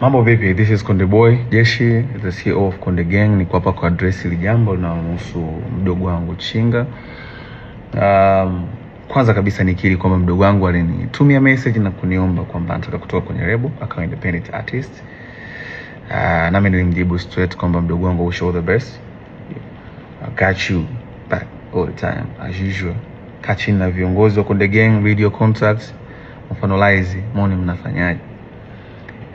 Mambo vipi? This is Konde Boy Jeshi, the CEO of Konde Gang. Niko hapa kwa address ile jambo linalohusu mdogo wangu Chinga. Um, kwanza kabisa nikiri kwamba mdogo wangu alinitumia message na kuniomba kwamba anataka kutoka kwenye lebo akawa independent artist. Uh, nami nilimjibu straight kwamba mdogo wangu wish all the best. I got you back all the time as usual. Kachini na viongozi wa Konde Gang, video contacts, mfano Laizi, mbona mnafanyaje?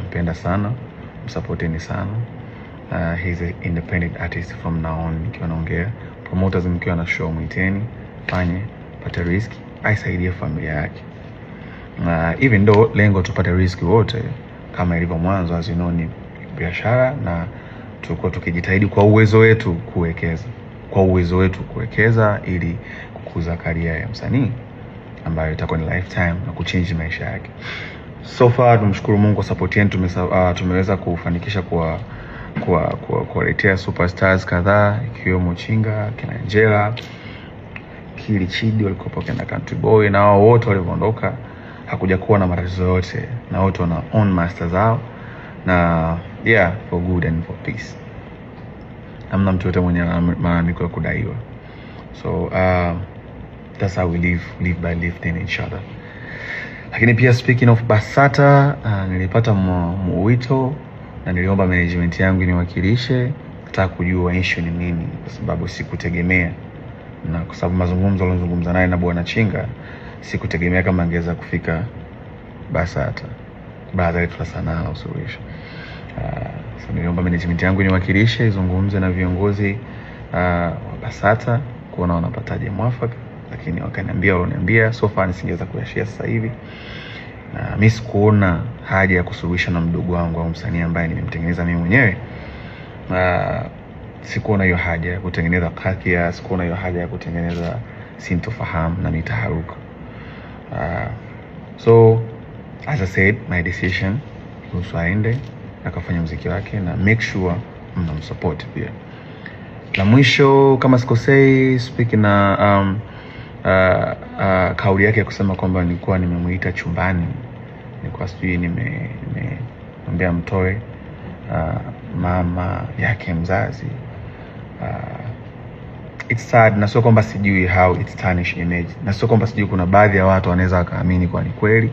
nampenda sana, msupporteni sana. Uh, he's an independent artist from now on. Nikiwa naongea promoters, mkiwa na show mwiteni, fanye pata risk, aisaidie familia yake. Uh, even though lengo tupate risk wote kama ilivyo mwanzo, as you know, ni biashara na tulikuwa tukijitahidi kwa uwezo wetu kuwekeza kwa uwezo wetu kuwekeza ili kukuza karia ya msanii ambayo itakuwa ni lifetime na kuchange maisha yake. So far tumshukuru Mungu kwa support yenu, uh, tumeweza kufanikisha kwa kwa kuwaletea superstars kadhaa ikiwemo Chinga, kina Angela, Kili Chidi walikuwa kina Country Boy na wao wote walioondoka hakuja kuwa na matatizo yote, na wote wana own master zao na yeah, for good and for peace. Hamna mtu yote mwenye malalamiko ya kudaiwa. So uh, that's how we live, live by lifting each other. Lakini pia speaking of BASATA uh, nilipata mwito na niliomba management yangu niwakilishe, nataka kujua issue ni nini, kwa sababu sikutegemea, na kwa sababu mazungumzo alizungumza naye na bwana Chinga sikutegemea kama angeweza kufika BASATA, baraza letu la sanaa usuluhisho. Uh, so niliomba management yangu niwakilishe, izungumze na viongozi uh, wa BASATA kuona wanapataje mwafaka lakini wakaniambia walioniambia, sofa nisingeweza kuyashia sasa hivi, na mi sikuona haja ya kusuluhisha na mdogo wangu au msanii ambaye nimemtengeneza mimi mwenyewe. na sikuona hiyo haja ya kutengeneza kakia, sikuona hiyo haja ya kutengeneza sintofahamu na mitaharuka Uh, so as I said my decision kuhusu aende akafanya mziki wake na make sure mnamsupport pia. La mwisho kama sikosei, speaking na um, uh, uh, kauli yake ya kusema kwamba nilikuwa nimemuita chumbani, nilikuwa sijui nimeambia mtoe uh, ah, mama yake mzazi uh, it's sad, na sio kwamba sijui how it's tarnish image, na sio kwamba sijui, kuna baadhi ya watu wanaweza wakaamini kwa ni kweli,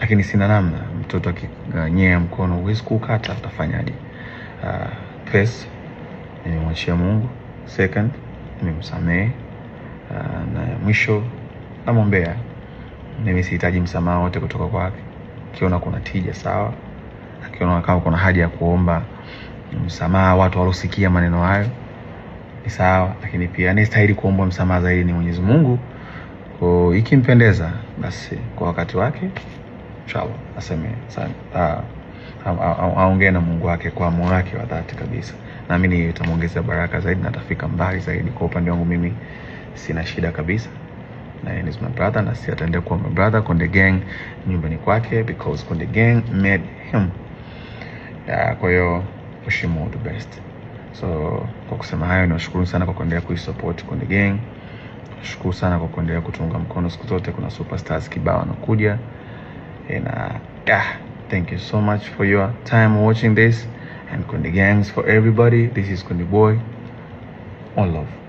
lakini sina namna. Mtoto akinyea mkono huwezi kukata, utafanyaje? First, nimemwachia Mungu. Second, nimemsamehe uh, Mwisho namwombea, mimi sihitaji msamaha wote kutoka kwake. Akiona kuna tija sawa, akiona kama kuna haja ya kuomba msamaha watu walosikia maneno hayo ni sawa, lakini pia anastahili kuomba msamaha zaidi ni Mwenyezi Mungu. Kwa ikimpendeza, basi kwa wakati wake inshallah aseme ah, aongee na Mungu wake kwa moyo wake wa dhati kabisa, naamini itamwongezea baraka zaidi na atafika mbali zaidi. Kwa upande wangu mimi sina shida kabisa na yeye is my brother na si ataendea kuwa my brother. Konde Gang nyumbani kwake because Konde Gang made him. yeah, Kwa hiyo heshimu the best. So kwa kusema hayo, niwashukuru sana kwa kuendelea kuisupport Konde Gang. Shukuru sana kwa kuendelea kutunga mkono siku zote. Kuna superstars kibao wanakuja na uh, yeah, thank you so much for your time watching this and Konde Gangs for everybody. This is Konde Boy, all love.